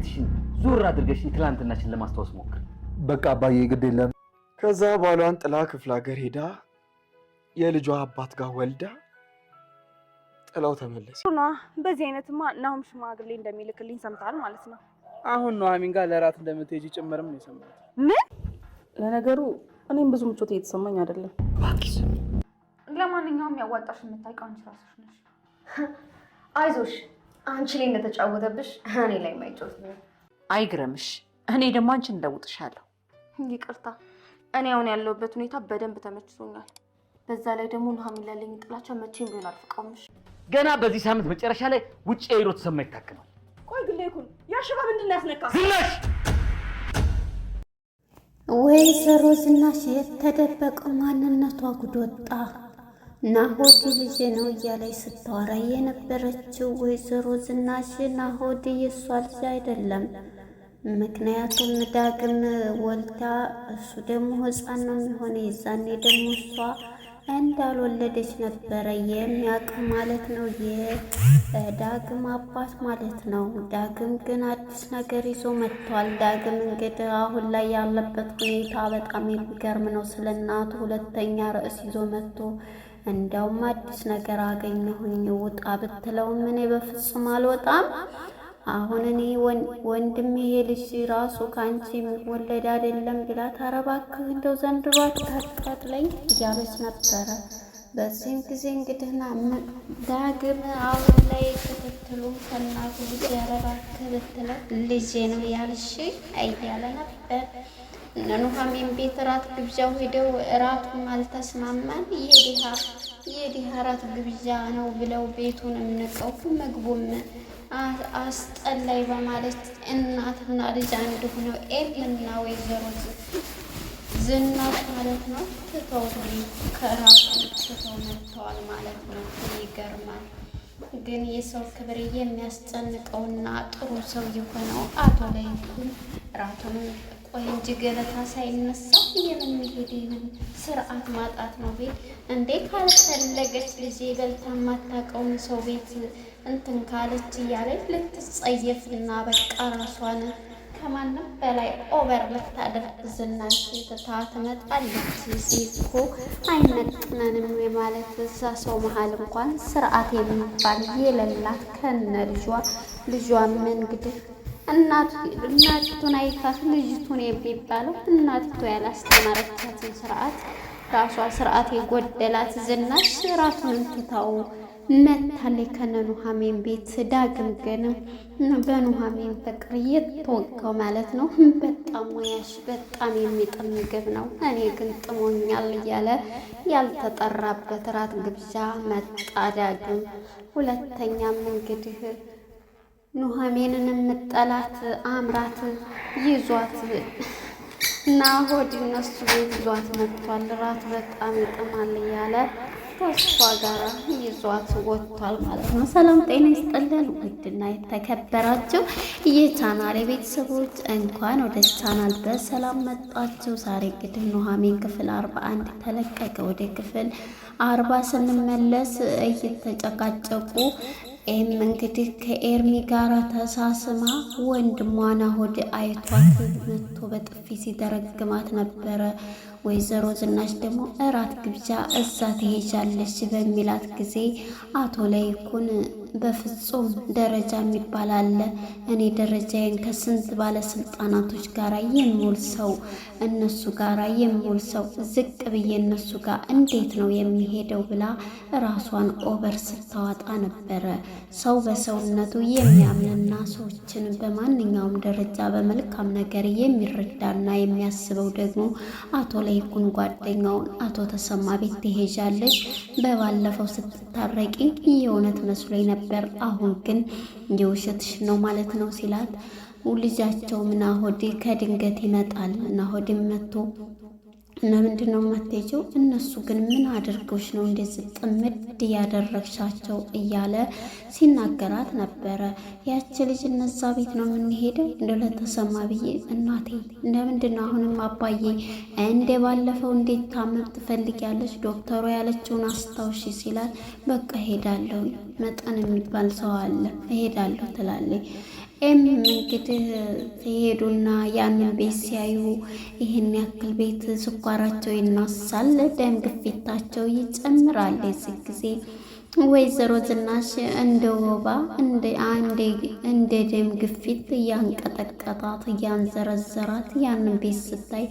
ስሜትሽን ዞር አድርገሽ ትላንትናሽን ለማስታወስ ሞክር። በቃ አባዬ ግድ የለም። ከዛ ባሏን ጥላ ክፍለ ሀገር ሄዳ የልጇ አባት ጋር ወልዳ ጥላው ተመለሰ። በዚህ አይነትማ ናሁም ሽማግሌ እንደሚልክልኝ ሰምታል ማለት ነው። አሁን ኑሐሚን ጋር ለራት እንደምትሄጂ ጭምርም ነው የሰማሁት። ምን? ለነገሩ እኔም ብዙ ምቾት እየተሰማኝ አይደለም። ለማንኛውም ያዋጣሽ የምታውቂው አንቺ ራስሽ ነሽ። አይዞሽ አንቺ ላይ እንደተጫወተብሽ እኔ ላይ ማይጮት አይግረምሽ። እኔ ደግሞ አንቺን እለውጥሻለሁ። ይቅርታ፣ እኔ አሁን ያለሁበት ሁኔታ በደንብ ተመችቶኛል። በዛ ላይ ደግሞ ኑሐሚን ላለኝ ጥላቻ መቼም ቢሆን አልፈቃውምሽ። ገና በዚህ ሳምንት መጨረሻ ላይ ውጭ ሄዶ ተሰማ ይታክማል። ቆይ ግን ይኩን ያ ሽባ ምንድን ያስነካ ዝናሽ ወይዘሮ ዝናሽ የተደበቀው ማንነቷ ጉድ ወጣ። ናሆድ ልጄ ነው እያለች ስታወራ የነበረችው ወይዘሮ ዝናሽ ናሆድ የእሷ ልጅ አይደለም። ምክንያቱም ዳግም ወልዳ እሱ ደግሞ ሕፃን ነው የሚሆነ የዛኔ ደግሞ እሷ እንዳልወለደች ነበረ የሚያውቅ ማለት ነው፣ የዳግም አባት ማለት ነው። ዳግም ግን አዲስ ነገር ይዞ መጥቷል። ዳግም እንግዲህ አሁን ላይ ያለበት ሁኔታ በጣም የሚገርም ነው። ስለ እናቱ ሁለተኛ ርዕስ ይዞ መጥቶ እንደውም አዲስ ነገር አገኘሁኝ ውጣ ብትለውም እኔ በፍጹም አልወጣም። አሁን እኔ ወንድም ይሄ ልጅ ራሱ ከአንቺ የሚወለድ አይደለም ብላ ታረባክ እባክህ እንደው ዘንድሮ አታቃጥለኝ እያለች ነበረ። በዚህም ጊዜ እንግዲህ ዳግም አሁን ላይ ክትትሉ ከእናቱ ልጅ ኧረ ብትለው ልጄ ነው ያልሽ እያለ ነበር። እነ ኑሐሚን ቤት እራት ግብዣው ሄደው እራቱም አልተስማማን የድሃ የድሃ እራት ግብዣ ነው ብለው ቤቱንም ንቀው ምግቡም አስጠላይ በማለት እናትና ልጅ አንድ ሆነው ኤልና ወይዘሮ ዝናሽ ማለት ነው ትተው ከራሱ ትተው መጥተዋል ማለት ነው። ይገርማል። ግን የሰው ክብር የሚያስጨንቀውና ጥሩ ሰው የሆነው አቶ ላይ ራቱንም ቆይ እንጂ ገበታ ሳይነሳ የምንሄድ ይህን ስርዓት ማጣት ነው። ቤት እንዴት ካልፈለገች ልጄ በልታ የማታውቀውን ሰው ቤት እንትን ካለች እያለች ልትጸየፍና በቃ ራሷን ከማንም በላይ ኦቨር ልታደርግ ዝናሽ ትታ ትመጣለች። እዚህ እኮ አይመጥነንም የማለት እዛ ሰው መሀል እንኳን ስርዓት የሚባል የሌላት ከነ ልጇ ልጇም እንግዲህ እናቲቱን አይታት ልጅቱን የሚባለው እናቲቱ ያላስተማረቻትን ስርዓት ራሷ ስርዓት የጎደላት ዝናሽ ራሱን ትታው መታለይ ከነ ኑሐሚን ቤት ዳግም ግን በኑሐሚን ፍቅር እየተወጋው ማለት ነው። በጣም ሙያሽ በጣም የሚጥም ምግብ ነው፣ እኔ ግን ጥሞኛል እያለ ያልተጠራበት ራት ግብዣ መጣ ዳግም። ሁለተኛም እንግዲህ ኑሐሚንን የምጠላት አምራት ይዟት ናሆድ እነሱ ቤት ይዟት መጥቷል። ራት በጣም ይጥማል እያለ ከእሷ ጋር ይዟት ወጥቷል ማለት ነው። ሰላም ጤና ይስጥልን። ውድና የተከበራችሁ የቻናል ቤተሰቦች እንኳን ወደ ቻናል በሰላም መጣችሁ። ዛሬ እንግዲህ ኑሐሚን ክፍል አርባ አንድ ተለቀቀ። ወደ ክፍል አርባ ስንመለስ እየተጨቃጨቁ ኤም እንግዲህ ከኤርሚ ጋር ተሳስማ ወንድሟን ሆድ አይቷት መቶ በጥፊ ሲደረግማት ነበረ። ወይዘሮ ዝናሽ ደግሞ እራት ግብዣ እዛ ትሄጃለች በሚላት ጊዜ አቶ ላይኩን በፍጹም ደረጃ የሚባል አለ። እኔ ደረጃዬን ከስንት ባለስልጣናቶች ጋር የሚውል ሰው እነሱ ጋር የሚውል ሰው ዝቅ ብዬ እነሱ ጋር እንዴት ነው የሚሄደው ብላ ራሷን ኦቨር ስታዋጣ ነበረ። ሰው በሰውነቱ የሚያምንና ሰዎችን በማንኛውም ደረጃ በመልካም ነገር የሚረዳና የሚያስበው ደግሞ አቶ ለይኩን ጓደኛውን አቶ ተሰማ ቤት ትሄጃለሽ፣ በባለፈው ስትታረቂ የእውነት መስሎኝ ነበር ነበር። አሁን ግን የውሸትሽ ነው ማለት ነው ሲላት ልጃቸው ናሆዲ ከድንገት ይመጣል። ናሆድም መጥቶ እና ምንድን ነው የማትሄጂው? እነሱ ግን ምን አድርገውሽ ነው እንደዚህ ጥምድ ያደረግሻቸው? እያለ ሲናገራት ነበረ። ያቺ ልጅ እነዛ ቤት ነው የምንሄደው እንደ ለተሰማ ብዬ እናቴ፣ ለምንድን ነው አሁንም አባዬ እንደ ባለፈው እንዴት ታመም ትፈልጊያለሽ? ዶክተሩ ያለችውን አስታውሺ ሲላት፣ በቃ እሄዳለሁ መጠን የሚባል ሰው አለ እሄዳለሁ ትላለች። ኤሚም እንግዲህ ሲሄዱና ያንን ቤት ሲያዩ ይህን ያክል ቤት ስኳራቸው ይናሳል፣ ደም ግፊታቸው ይጨምራል። የዚህ ጊዜ ወይዘሮ ዝናሽ እንደ ወባ እንደ ደም ግፊት እያንቀጠቀጣት እያንዘረዘራት ያንን ቤት ስታይ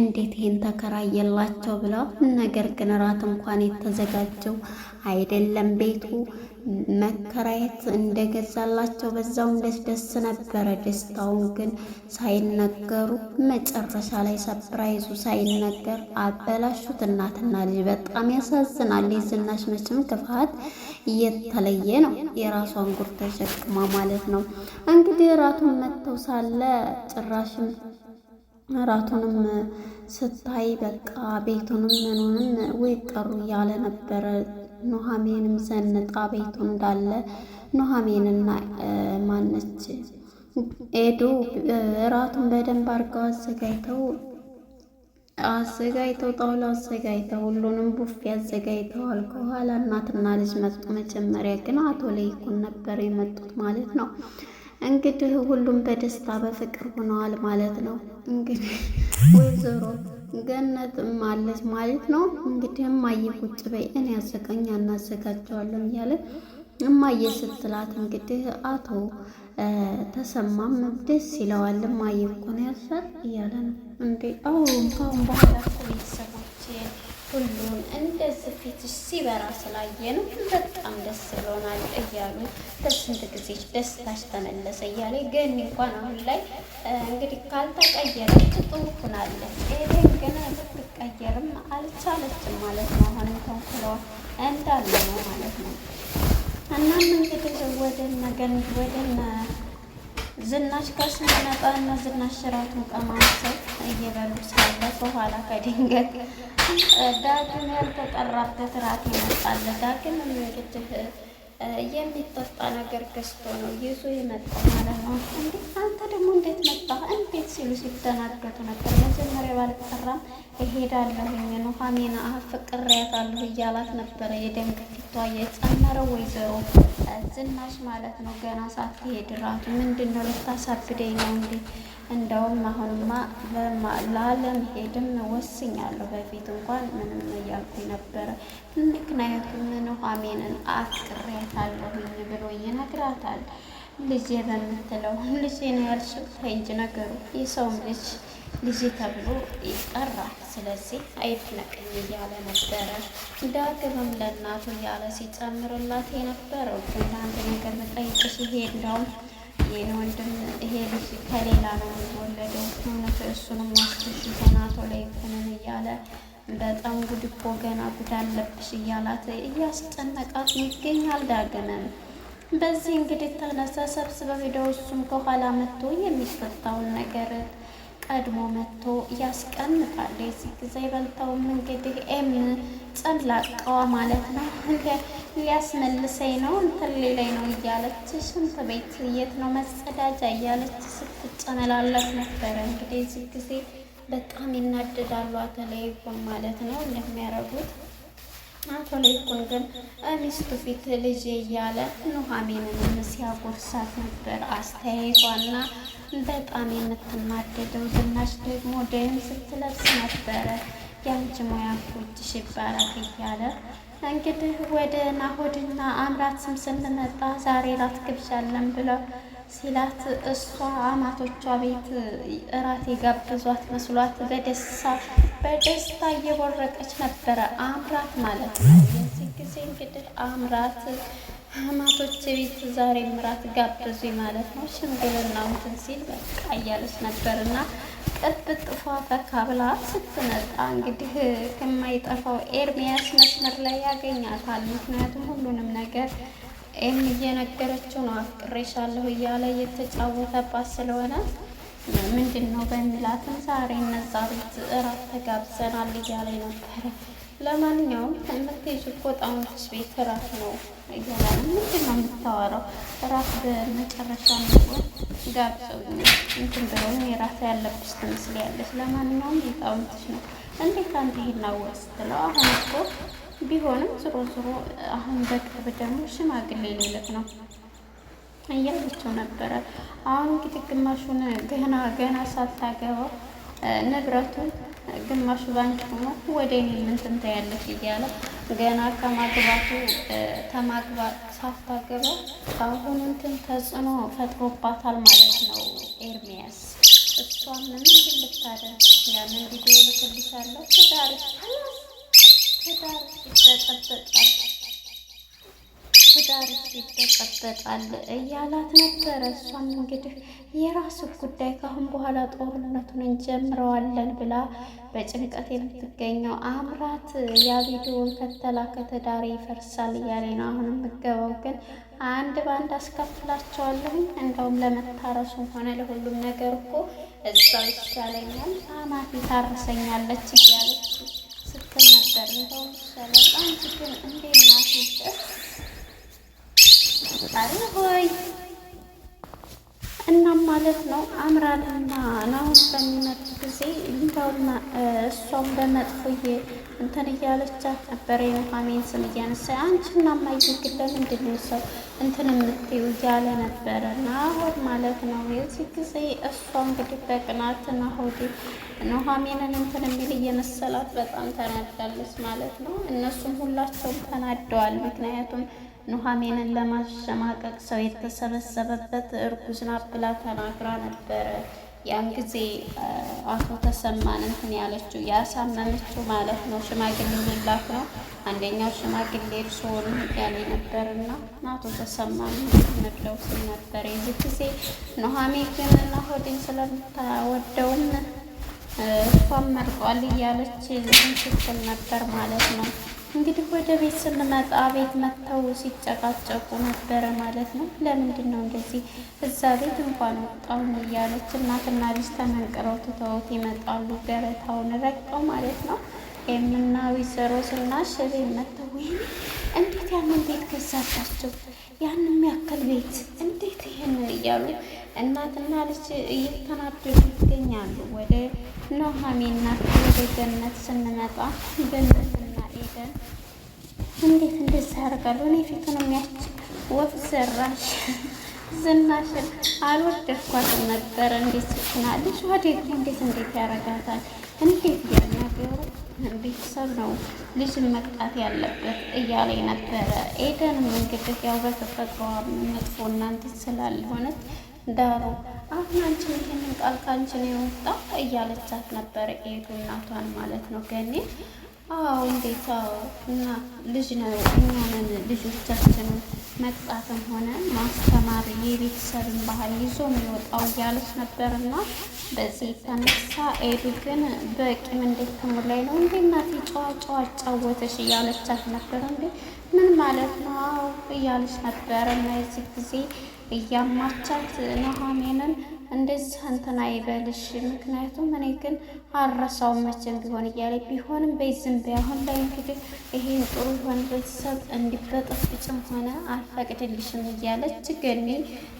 እንዴት ይህን ተከራየላቸው ብላ ነገር ግን ራት እንኳን የተዘጋጀው አይደለም ቤቱ መከራየት እንደገዛላቸው በዛውም ደስ ደስ ነበረ። ደስታውን ግን ሳይነገሩ መጨረሻ ላይ ሰፕራይዙ ሳይነገር አበላሹት እናትና ልጅ። በጣም ያሳዝናል። የዝናሽ መቼም ክፋት እየተለየ ነው። የራሷን ጉር ተሸክማ ማለት ነው። እንግዲህ እራቱን መጥተው ሳለ ጭራሽም እራቱንም ስታይ በቃ ቤቱንም ምኑንም ወይ ቀሩ እያለ ነበረ ኑሐሚንም ሰንጣ ቤቱ እንዳለ ኑሐሚንና ማነች ኤዱ እራቱን በደንብ አድርገው አዘጋጅተው አዘጋጅተው ጣውላ አዘጋጅተው ሁሉንም ቡፌ አዘጋጅተዋል። ከኋላ እናትና ልጅ መጡ። መጀመሪያ ግን አቶ ለይኩን ነበር የመጡት ማለት ነው። እንግዲህ ሁሉም በደስታ በፍቅር ሆነዋል ማለት ነው። እንግዲህ ወይዘሮ ገነትም አለች ማለት ነው። እንግዲህ እማዬ ቁጭ በይ እኔ አዘጋኝ እናዘጋጀዋለሁ እያለ እማዬ ስትላት እንግዲህ አቶ ተሰማም ደስ ይለዋል። እማዬ እኮ ነው ያሳል እያለ ነው እንዴ አሁን ካሁን በኋላ ሁሉም እንደዚህ ፊት ሲበራ ስላየ ነው በጣም ደስ ብሎናል እያሉ ለስንት ጊዜ ደስታች ተመለሰ እያለ ግን እንኳን አሁን ላይ እንግዲህ ካልተቀየረች ጥሩ ሆናለች። ይሄን ግን ብትቀየርም አልቻለችም ማለት ነው። አሁን ተንኩሎ እንዳለ ነው ማለት ነው። እናም እንግዲህ ወደነ ገን ወደነ ዝናሽ ጋር ስንመጣ እና ዝናሽ ራቱን ቀማሰብ እየበሉ ሳለ በኋላ ከድንገት ዳግም ያልተጠራበት ራት ይመጣል። ዳግም እንግዲህ የሚጠጣ ነገር ገዝቶ ነው ይዞ የመጣ ማለት ነው። እንዴ አንተ ደግሞ እንዴት መጣ እንዴት ሲሉ ሲደናገጡ ነበር። መጀመሪያ ባልጠራም እሄዳለሁኝ ነው ሀሜና አፍቅሬያታለሁ እያላት ነበረ። የደም ግፊቷ የጨመረው ወይዘሮ ዝናሽ ማለት ነው። ገና ሳትሄድ ራቱ ምንድን ነው ልታሳብደኝ ነው እንዴ? እንደውም አሁንማ ላለመሄድም ወስኛለሁ። በፊት እንኳን ምንም እያልኩኝ ነበረ። ምክንያቱም ኑሃሚንን አፍቅሬያት እመታታለሁኝ ብሎ ይነግራታል። ልጄ በምትለው ልጄ ነው ያልሽው? ተይ ነገሩ የሰውም ልጅ ልጄ ተብሎ ይጠራል። ስለዚህ አይድነቀኝ እያለ ነበረ። ዳግምም ለእናቱ እያለ ሲጨምርላት የነበረው አንድ ነገር ብጠይቅሽ፣ ይሄ እንደውም ይህን ወንድም ይሄ ልጅ ከሌላ ነው የሚወለደው እውነት እሱንም ዋስቶሽ ሆናቶ ላይ እኮ እያለ በጣም ጉድ እኮ ገና ጉድ አለብሽ እያላት እያስጨነቃት ይገኛል። ዳግምም በዚህ እንግዲህ ተነሳ ሰብስበ ሄደው እሱም ከኋላ መጥቶ የሚፈታውን ነገር ቀድሞ መጥቶ ያስቀምጣል። የዚህ ጊዜ በልተውም እንግዲህ ኤም ጸላቀዋ ማለት ነው እንደ ሊያስመልሰኝ ነው እንትን ሌላይ ነው እያለች ሽንት ቤት የት ነው መጸዳጃ እያለች ስትጨመላለት ነበረ እንግዲህ የዚህ ጊዜ በጣም ይናደዳሉ። አቶ ለይኩን ማለት ነው እንደሚያደርጉት። አቶ ለይኩን ግን ሚስቱ ፊት ልጅ እያለ ኑሐሚንንም ሲያጎርሳት ነበር አስተያየቷና በጣም የምትናደደው ዝናሽ ደግሞ ደም ስትለብስ ነበረ። ያንቺ ሙያ እጅሽ ይባላል እያለ እንግዲህ ወደ ናሆድና አምራት ስም ስንመጣ ዛሬ ራት ብለው ሲላት እሷ አማቶቿ ቤት እራት የጋብዟት መስሏት በደስታ በደስታ እየቦረቀች ነበረ። አምራት ማለት ነው። የዚህ ጊዜ እንግዲህ አምራት አማቶች ቤት ዛሬ ምራት ጋብዙ ማለት ነው። ሽምግልና እንትን ሲል በቃ እያለች ነበርና ቅጥቅጥ ፏ ፈካ ብላ ስትመጣ እንግዲህ ከማይጠፋው ኤርሚያስ መስመር ላይ ያገኛታል። ምክንያቱም ሁሉንም ነገር ይህም እየነገረችው ነው አፍቅሬሻለሁ እያለ እየተጫወተባት ስለሆነ ምንድን ነው በሚላትም ዛሬ እነዛ ቤት እራት ተጋብዘናል እያለ ነበረ። ለማንኛውም ትምህርት ቆጣዎች ቤት እራት ነው እያለ ምንድን ነው የምታወራው? እራት በመጨረሻ ምግብ ጋብዘው እንትን ብለውም የራት ያለብሽ ትመስል ያለች። ለማንኛውም የጣውንትሽ ነው እንዴት አንድ ይህናወቅ ስትለው አሁን እኮ ቢሆንም ዝሮ ዝሮ አሁን በቅርብ ደግሞ ሽማግሌ ሌለት ነው እያለችው ነበረ። አሁን እንግዲህ ግማሹን ገና ገና ሳታገባው ንብረቱን ግማሹ ባንክ ሆኖ ወደ እኔ ምንትን ታያለሽ እያለ ገና ከማግባቱ ተማግባት ሳታገባ አሁን እንትን ተጽዕኖ ፈጥሮባታል ማለት ነው ኤርሚያስ። እሷ ምንም ልታደርግ ያንን ቪዲዮ ልክልሻለሁ ትዳርሽ ትዳር ይበጠበጣል፣ ትዳር ይበጠበጣል እያላት ነበረ። እሷም እንግዲህ የራሱ ጉዳይ ካሁን በኋላ ጦርነቱን እንጀምረዋለን ብላ በጭንቀት የምትገኘው አምራት ያ ቪዲዮውን ከተላከ ትዳሬ ይፈርሳል እያለ ነው አሁን የምገባው ግን አንድ በአንድ አስከፍላቸዋለሁኝ። እንደውም ለመታረሱም ሆነ ለሁሉም ነገር እኮ እሷ ይሻለኛል አማት ታርሰኛለች እያለ ሰርተው ስለጣም ችግር እንዴት ናት? ፈጣሪ ሆይ እናም ማለት ነው አምራንና ናሁን በሚመጡ ጊዜ ሊዳውና እሷም በመጥፎዬ እንትን እያለቻት ነበር። የኑሃሜን ስም እያነሳ አንቺ ማየ ግን ለምንድን ነው ሰው እንትን የምትይው እያለ ነበረ ናሆን ማለት ነው። የዚህ ጊዜ እሷ እንግዲህ በቅናት ናሆዲ ኑሃሜንን እንትን የሚል እየመሰላት በጣም ተናዳለች ማለት ነው። እነሱም ሁላቸውም ተናደዋል። ምክንያቱም ኑሐሚንን ለማሸማቀቅ ሰው የተሰበሰበበት እርጉዝን አብላ ተናግራ ነበረ። ያን ጊዜ አቶ ተሰማን እንትን ያለችው ያሳመመችው ማለት ነው። ሽማግሌ ልላክ ነው አንደኛው ሽማግሌ እርስዎን ያለ ነበር እና አቶ ተሰማን ነግረው ሲል ነበር። የዚህ ጊዜ ኑሐሚን ግን እና ሆዴን ስለምታወደውም እሷን መርጧል እያለች ስትል ነበር ማለት ነው። እንግዲህ ወደ ቤት ስንመጣ ቤት መጥተው ሲጨቃጨቁ ነበረ ማለት ነው። ለምንድን ነው እንደዚህ እዛ ቤት እንኳን ወጣሁን እያለች እናትና ልጅ ተመንቅረው ትተውት ይመጣሉ። ገበታውን ረግጠው ማለት ነው። የምና ወይዘሮ ስናሽ ቤት መጥተው ወይም እንዴት ያንን ቤት ገዛቻቸው ያን ያክል ቤት እንዴት ይህንን እያሉ እናትና ልጅ እየተናደዱ ይገኛሉ። ወደ ኑሃሚን እናት ወደ ገነት ስንመጣ ገነት እንዴት እንደዚህ ያደርጋሉ? እኔ ፊቱን የሚያች ወፍ ዘራሽ ዝናሽን አልወደድኳትም ነበር። እንዴት ስትና ልጅ ወዴት እንዴት እንዴት ያደርጋታል? እንዴት እያናገሩ ቤተሰብ ነው ልጅ መቅጣት ያለበት እያለ ነበረ። ኤደንም እንግዲህ ያው በተፈጥሯ መጥፎ እናንተ ስላልሆነች ዳሩ አሁን አንቺን ይህንን ቃል ካንቺን የወጣ እያለቻት ነበረ ኤዱ እናቷን ማለት ነው ገኔ አዎ እንዴት እና ልጅ ነው። እኛንን ልጆቻችን መቅጣትም ሆነ ማስተማር የቤተሰብን ባህል ይዞ የሚወጣው እያሉት ነበር እና በዚህ የተነሳ ኤዱ ግን በቂም እንዴት ተሞላይ ነው እንዴ እናቴ ጨዋ ጨዋ አጫወተሽ እያለቻት ነበር። እንዴ ምን ማለት ነው? አዎ እያለች ነበር እና የዚህ ጊዜ እያማቻት ነሀሜንን እንደዚህ እንትን አይበልሽ። ምክንያቱም እኔ ግን አልረሳውም መቼም ቢሆን እያለ ቢሆንም በይዝም ቢያሁን ላይ እንግዲህ ይሄን ጥሩ የሆነ ቤተሰብ እንዲበጠብጭም ሆነ አልፈቅድልሽም እያለች ገኒ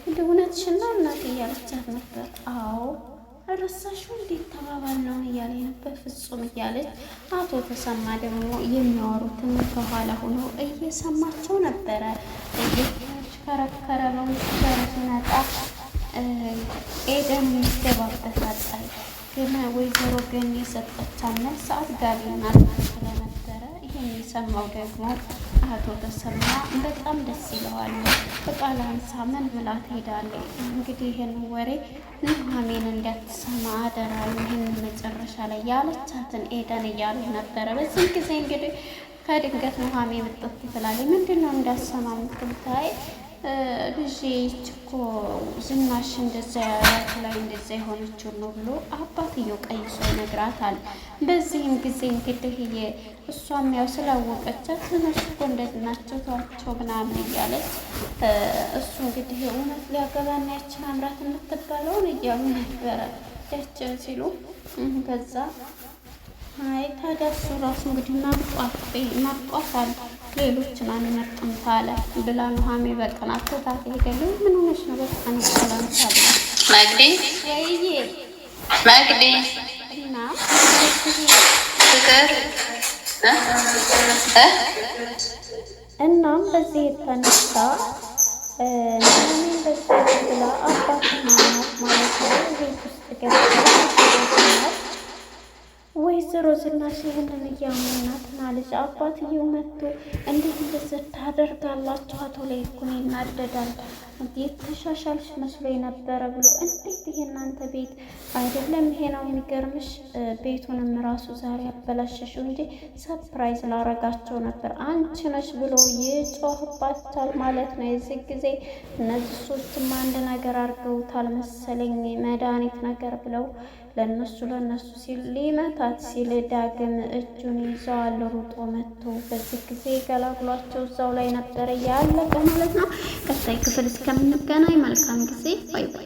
እንደ እውነትሽን ነው እናት እያለቻት ነበር። አዎ ረሳሽው እንዴት ተባባል ነው እያለ ነበር። ፍጹም እያለች አቶ ተሰማ ደግሞ የሚያወሩትን ከኋላ ሆኖ እየሰማቸው ነበረ። እየሽከረከረ በውስጥ ሸረሽ ነጣ ኤደን ይደባበሳል። ግን ወይዘሮ ገኒ የሰጠቻት መልስ አጥጋቢናል ስለነበረ ይህን የሰማው ደግሞ አቶ ተሰማ በጣም ደስ ይለዋል። በቃል አንሳ ምን ብላ ትሄዳለች? እንግዲህ ይህን ወሬ ኑሐሚን እንዳትሰማ አደራ፣ ይህን መጨረሻ ላይ ያለቻትን ኤደን እያለች ነበረ። በዚህ ጊዜ እንግዲህ ከድንገት ኑሐሚን ምጥፍ ትላለች። ምንድን ነው እንዳሰማ ልጄ ይች እኮ ዝናሽ እንደዛ ያላት ላይ እንደዛ የሆነችው ነው ብሎ አባትየው ቀይሶ ይነግራታል። በዚህም ጊዜ እንግዲህ እሷም ያው ስላወቀቻት እነሱ እኮ እንደናቸው ተዋቸው ምናምን እያለች እሱ እንግዲህ እውነት ሊያገባና ያችን አምራት የምትባለውን እያሉ ነበረ ያችን ሲሉ ከዛ አይ ታዲያ እሱ ራሱ እንግዲህ ማርጧት ማርጧታል ሌሎችን አንመርጥም ታለ ብላ ኑሃሜ በቅናት ትታት ሄደልኝ። ምን ሆነሽ ነው? በጣም ይቻላል ታለ ማግዲ ይይ ማግዲ እና ፍቅር እናም በዚህ የተነሳ ኑሃሜ በዚህ ብላ አባትና ማለት ነው ቤት ውስጥ ገብታ ወይዘሮ ዝናሽ ይህንን እያመናት ናለች። አባትየው መጥቶ እንዴት እንደዚህ ታደርጋላችሁ? አቶ ላይ እኮ ይናደዳል። የተሻሻልሽ መስሎኝ ነበረ ብሎ እንዴት ይሄ እናንተ ቤት አይደለም ይሄ ነው የሚገርምሽ። ቤቱንም ራሱ ዛሬ አበላሸሽው እንጂ ሰፕራይዝ ላረጋቸው ነበር አንቺ ነሽ ብሎ ይጮህባታል ማለት ነው። የዚህ ጊዜ እነዚህ ሶስትም አንድ ነገር አድርገውታል መሰለኝ መድኃኒት ነገር ብለው ለነሱ ለነሱ ሲል ሊመታት ሲል ዳግም እጁን ይዘዋል። ሩጦ መጥቶ በዚህ ጊዜ ገላግሏቸው እዛው ላይ ነበረ ያለቀ ማለት ነው። ቀጣይ ክፍል እስከ እስከምንገናኝ መልካም ጊዜ። ባይ ባይ።